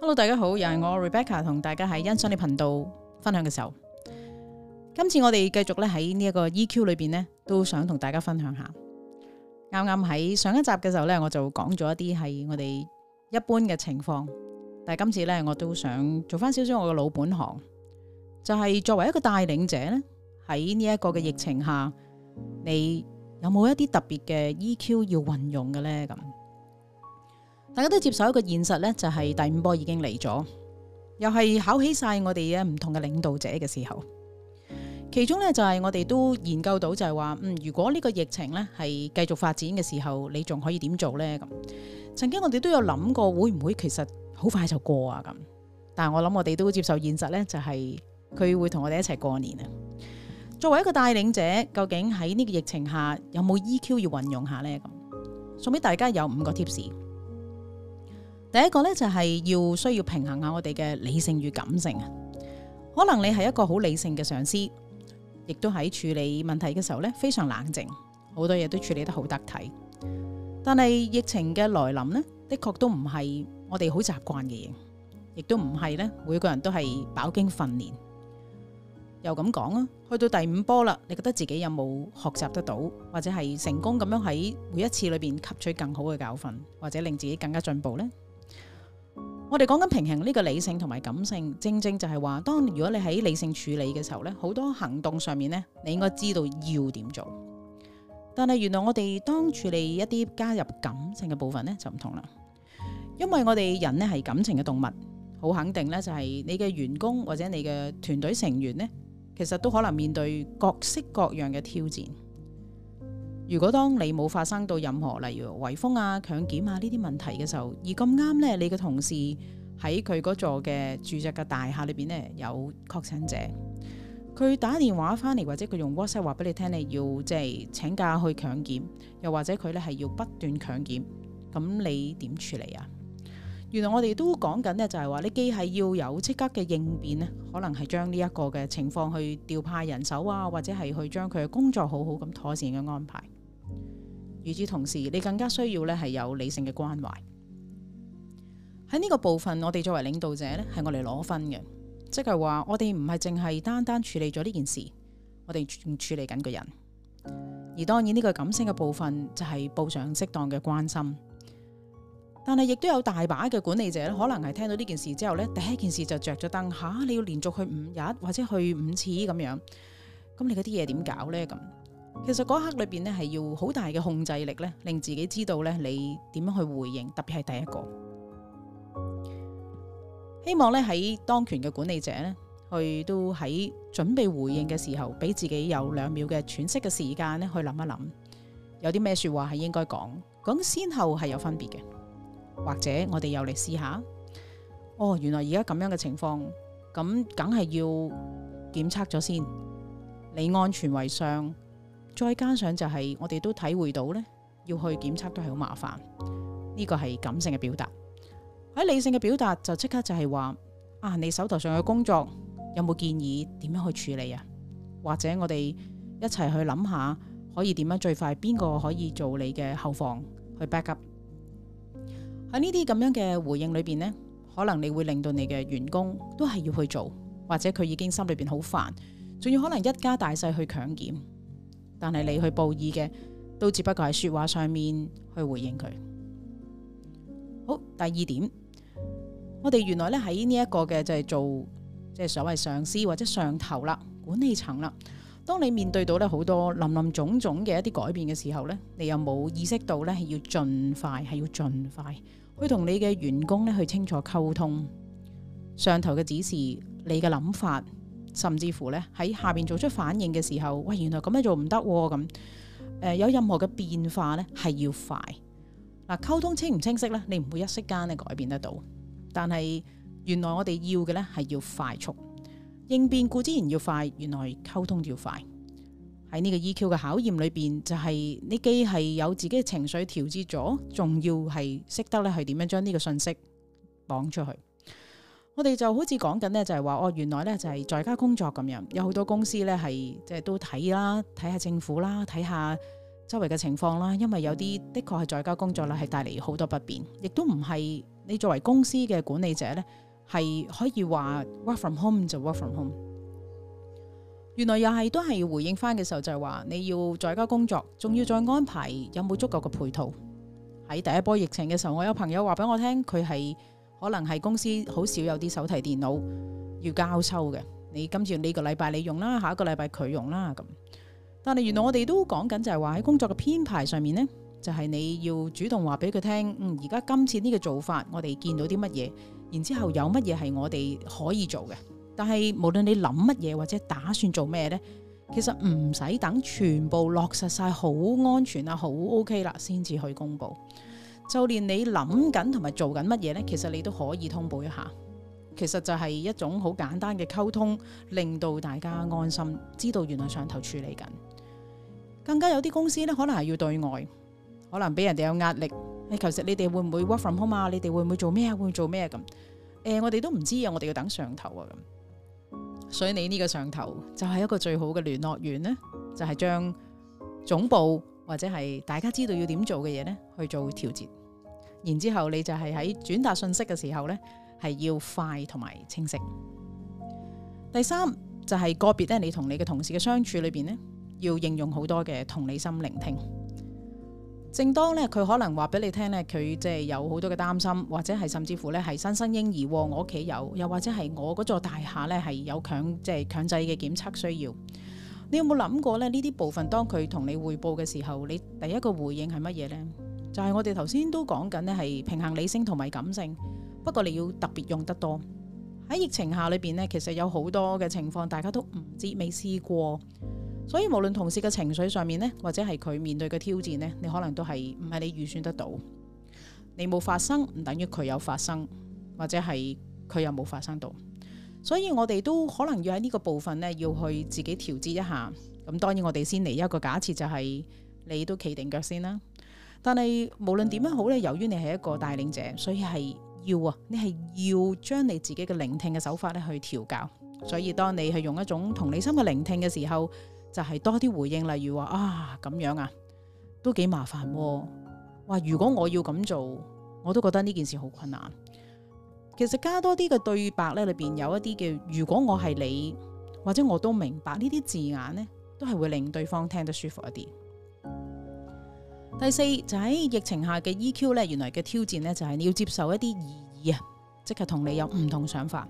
Hello，大家好，又係我 Rebecca 同大家喺欣賞你頻道分享嘅時候，今次我哋繼續咧喺、e、呢一個 EQ 裏邊咧，都想同大家分享下。啱啱喺上一集嘅時候咧，我就講咗一啲係我哋一般嘅情況，但係今次咧，我都想做翻少少我嘅老本行，就係、是、作為一個帶領者咧，喺呢一個嘅疫情下，你有冇一啲特別嘅 EQ 要運用嘅咧？咁？大家都接受一個現實咧，就係第五波已經嚟咗，又係考起晒我哋嘅唔同嘅領導者嘅時候。其中咧就係我哋都研究到，就係話，嗯，如果呢個疫情咧係繼續發展嘅時候，你仲可以點做咧？咁曾經我哋都有諗過，會唔會其實好快就過啊？咁但係我諗我哋都接受現實咧，就係佢會同我哋一齊過年啊。作為一個帶領者，究竟喺呢個疫情下有冇 EQ 要運用下咧？咁送俾大家有五個 tips。第一個咧就係要需要平衡下我哋嘅理性與感性啊。可能你係一個好理性嘅上司，亦都喺處理問題嘅時候咧非常冷靜，好多嘢都處理得好得體。但係疫情嘅來臨呢，的確都唔係我哋好習慣嘅嘢，亦都唔係咧每個人都係飽經訓練。又咁講啊，去到第五波啦，你覺得自己有冇學習得到，或者係成功咁樣喺每一次裏邊吸取更好嘅教訓，或者令自己更加進步呢？我哋講緊平衡呢個理性同埋感性，正正就係話，當如果你喺理性處理嘅時候咧，好多行動上面咧，你應該知道要點做。但係原來我哋當處理一啲加入感性嘅部分咧，就唔同啦。因為我哋人咧係感情嘅動物，好肯定咧就係你嘅員工或者你嘅團隊成員咧，其實都可能面對各式各樣嘅挑戰。如果當你冇發生到任何，例如圍封啊、強檢啊呢啲問題嘅時候，而咁啱呢，你嘅同事喺佢嗰座嘅住宅嘅大廈裏邊呢，有確診者，佢打電話翻嚟，或者佢用 WhatsApp 話俾你聽，你要即係請假去強檢，又或者佢咧係要不斷強檢，咁你點處理啊？原來我哋都講緊咧，就係話你既係要有即刻嘅應變咧，可能係將呢一個嘅情況去調派人手啊，或者係去將佢嘅工作好好咁妥善嘅安排。與此同時，你更加需要咧係有理性嘅關懷。喺呢個部分，我哋作為領導者咧，係我哋攞分嘅，即係話我哋唔係淨係單單處理咗呢件事，我哋仲處理緊個人。而當然呢個感性嘅部分就係報上適當嘅關心，但係亦都有大把嘅管理者可能係聽到呢件事之後咧，第一件事就着咗燈「嚇、啊，你要連續去五日或者去五次咁樣，咁你嗰啲嘢點搞呢？」咁。其實嗰刻裏邊咧，係要好大嘅控制力咧，令自己知道咧，你點樣去回應。特別係第一個，希望咧喺當權嘅管理者咧，佢都喺準備回應嘅時候，俾自己有兩秒嘅喘息嘅時間咧，去諗一諗有啲咩說話係應該講。咁先後係有分別嘅，或者我哋又嚟試下。哦，原來而家咁樣嘅情況，咁梗係要檢測咗先。你安全為上。再加上就係我哋都體會到咧，要去檢測都係好麻煩。呢個係感性嘅表達喺理性嘅表達就即刻就係話啊，你手頭上嘅工作有冇建議點樣去處理啊？或者我哋一齊去諗下可以點樣最快邊個可以做你嘅後防去 backup 喺呢啲咁樣嘅回應裏邊呢可能你會令到你嘅員工都係要去做，或者佢已經心裏邊好煩，仲要可能一家大細去強檢。但係你去報義嘅，都只不過係說話上面去回應佢。好，第二點，我哋原來咧喺呢一個嘅就係做即係、就是、所謂上司或者上頭啦，管理層啦。當你面對到咧好多林林總總嘅一啲改變嘅時候咧，你又冇意識到咧要盡快係要盡快去同你嘅員工咧去清楚溝通上頭嘅指示，你嘅諗法。甚至乎咧喺下邊做出反應嘅時候，喂，原來咁樣做唔得咁。誒、呃，有任何嘅變化咧，係要快。嗱，溝通清唔清晰咧？你唔會一息間咧改變得到。但係原來我哋要嘅咧係要快速，應變固之然要快，原來溝通要快。喺呢個 EQ 嘅考驗裏邊，就係、是、你既係有自己嘅情緒調節咗，仲要係識得咧係點樣將呢個信息講出去。我哋就好似講緊呢，就係話哦，原來呢，就係在家工作咁樣，有好多公司呢，係即係都睇啦，睇下政府啦，睇下周圍嘅情況啦。因為有啲的確係在家工作啦，係帶嚟好多不便，亦都唔係你作為公司嘅管理者呢，係可以話 work from home 就 work from home。原來又係都係要回應翻嘅時候就說，就係話你要在家工作，仲要再安排有冇足夠嘅配套。喺第一波疫情嘅時候，我有朋友話俾我聽，佢係。可能係公司好少有啲手提電腦要交收嘅，你今次呢個禮拜你用啦，下一個禮拜佢用啦咁。但係原來我哋都講緊就係話喺工作嘅編排上面呢，就係你要主動話俾佢聽，嗯，而家今次呢個做法，我哋見到啲乜嘢，然之後有乜嘢係我哋可以做嘅。但係無論你諗乜嘢或者打算做咩呢，其實唔使等全部落實晒，好安全啊，好 OK 啦先至去公佈。就連你諗緊同埋做緊乜嘢呢？其實你都可以通報一下。其實就係一種好簡單嘅溝通，令到大家安心，知道原來上頭處理緊。更加有啲公司呢，可能係要對外，可能俾人哋有壓力。誒，其實你哋會唔會 work from home 啊？你哋會唔會做咩啊？會唔會做咩咁？誒、呃，我哋都唔知啊，我哋要等上頭啊咁。所以你呢個上頭就係一個最好嘅聯絡員呢，就係、是、將總部或者係大家知道要點做嘅嘢呢，去做調節。然之後，你就係喺轉達信息嘅時候呢，係要快同埋清晰。第三就係個別咧，你同你嘅同事嘅相處裏邊呢，要應用好多嘅同理心聆聽。正當呢，佢可能話俾你聽呢，佢即係有好多嘅擔心，或者係甚至乎呢係新生嬰兒，我屋企有，又或者係我嗰座大廈呢係有強即係強制嘅檢測需要。你有冇諗過呢？呢啲部分當佢同你匯報嘅時候，你第一個回應係乜嘢呢？就係我哋頭先都講緊呢係平衡理性同埋感性。不過你要特別用得多喺疫情下裏面，呢其實有好多嘅情況大家都唔知未試過，所以無論同事嘅情緒上面呢，或者係佢面對嘅挑戰呢，你可能都係唔係你預算得到，你冇發生唔等於佢有發生，或者係佢又冇發生到。所以我哋都可能要喺呢個部分呢，要去自己調節一下。咁當然我哋先嚟一個假設，就係，就係你都企定腳先啦。但係無論點樣好咧，由於你係一個帶領者，所以係要啊，你係要將你自己嘅聆聽嘅手法咧去調教。所以當你係用一種同理心嘅聆聽嘅時候，就係多啲回應，例如話啊，咁樣啊，都幾麻煩啊。哇！如果我要咁做，我都覺得呢件事好困難。其實加多啲嘅對白咧，裏邊有一啲嘅，如果我係你，或者我都明白呢啲字眼咧，都係會令對方聽得舒服一啲。第四就喺疫情下嘅 EQ 呢，原來嘅挑戰呢，就係你要接受一啲異議啊，即係同你有唔同想法。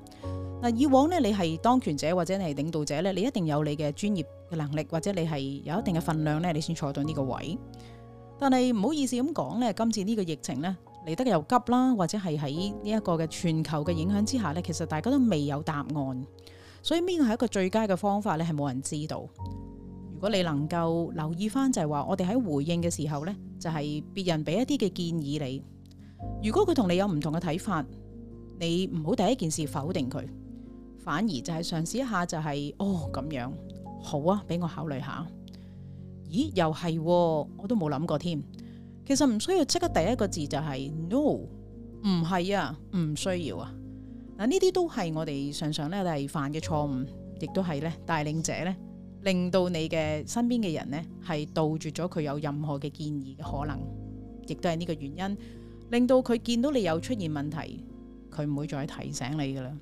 嗱，以往呢，你係當權者或者你係領導者呢,你一定有你嘅專業嘅能力或者你係有一定嘅份量呢，你先坐到呢個位。但係唔好意思咁講呢，今次呢個疫情呢，嚟得又急啦，或者係喺呢一個嘅全球嘅影響之下呢，其實大家都未有答案，所以邊個係一個最佳嘅方法呢？係冇人知道。如果你能夠留意翻，就係話我哋喺回應嘅時候呢，就係別人俾一啲嘅建議你。如果佢同你有唔同嘅睇法，你唔好第一件事否定佢，反而就係嘗試一下，就係哦咁樣好啊，俾我考慮下。咦？又係喎，我都冇諗過添。其實唔需要即刻第一個字就係 no，唔係啊，唔需要啊。嗱呢啲都係我哋常常咧係犯嘅錯誤，亦都係咧帶領者咧。令到你嘅身邊嘅人呢，係杜絕咗佢有任何嘅建議嘅可能，亦都係呢個原因，令到佢見到你有出現問題，佢唔會再提醒你㗎喇。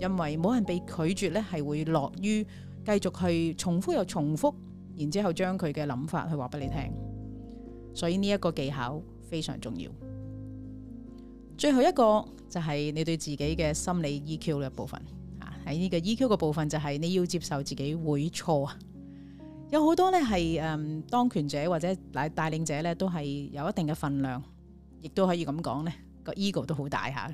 因為冇人被拒絕呢係會樂於繼續去重複又重複，然之後將佢嘅諗法去話俾你聽。所以呢一個技巧非常重要。最後一個就係你對自己嘅心理 EQ 嘅部分。喺呢個 EQ 嘅部分就係你要接受自己會錯啊。有好多咧係誒，當權者或者帶帶領者咧，都係有一定嘅份量，亦都可以咁講咧，個 ego 都好大下。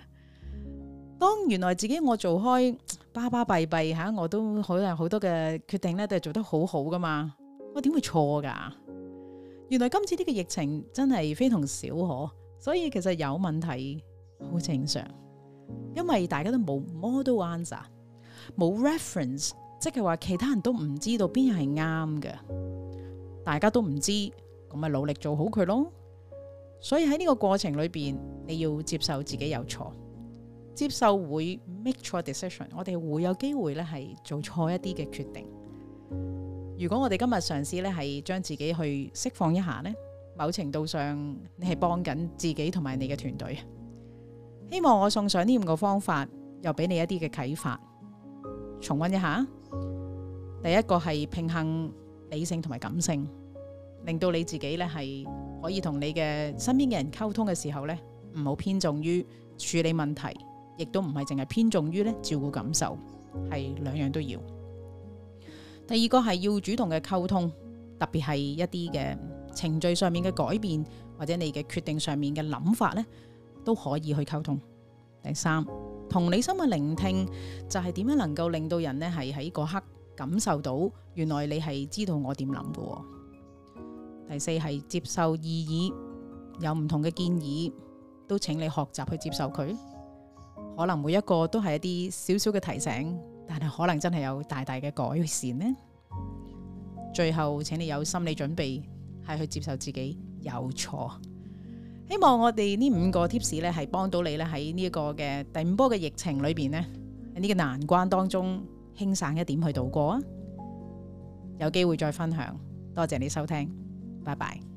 當原來自己我做開巴巴閉閉嚇，我都好有好多嘅決定咧，都係做得好好噶嘛。我點會錯㗎？原來今次呢個疫情真係非同小可，所以其實有問題好正常，因為大家都冇 model answer。冇 reference，即係話其他人都唔知道邊樣係啱嘅，大家都唔知，咁咪努力做好佢咯。所以喺呢個過程裏邊，你要接受自己有錯，接受會 make 錯 decision。我哋會有機會咧，係做錯一啲嘅決定。如果我哋今日嘗試咧，係將自己去釋放一下咧，某程度上你係幫緊自己同埋你嘅團隊。希望我送上呢五個方法，又俾你一啲嘅啟發。重溫一下，第一個係平衡理性同埋感性，令到你自己咧，係可以同你嘅身邊嘅人溝通嘅時候咧，唔好偏重於處理問題，亦都唔係淨係偏重於咧，照顧感受，係兩樣都要。第二個係要主動嘅溝通，特別係一啲嘅程序上面嘅改變，或者你嘅決定上面嘅諗法咧，都可以去溝通。第三。同理心嘅聆聽就係、是、點樣能夠令到人咧係喺嗰刻感受到，原來你係知道我點諗噶。第四係接受異議，有唔同嘅建議，都請你學習去接受佢。可能每一個都係一啲少少嘅提醒，但係可能真係有大大嘅改善呢。最後，請你有心理準備，係去接受自己有錯。希望我哋呢五個 tips 咧係幫到你咧喺呢一個嘅第五波嘅疫情裏邊咧喺呢個難關當中輕省一點去度過啊！有機會再分享，多謝你收聽，拜拜。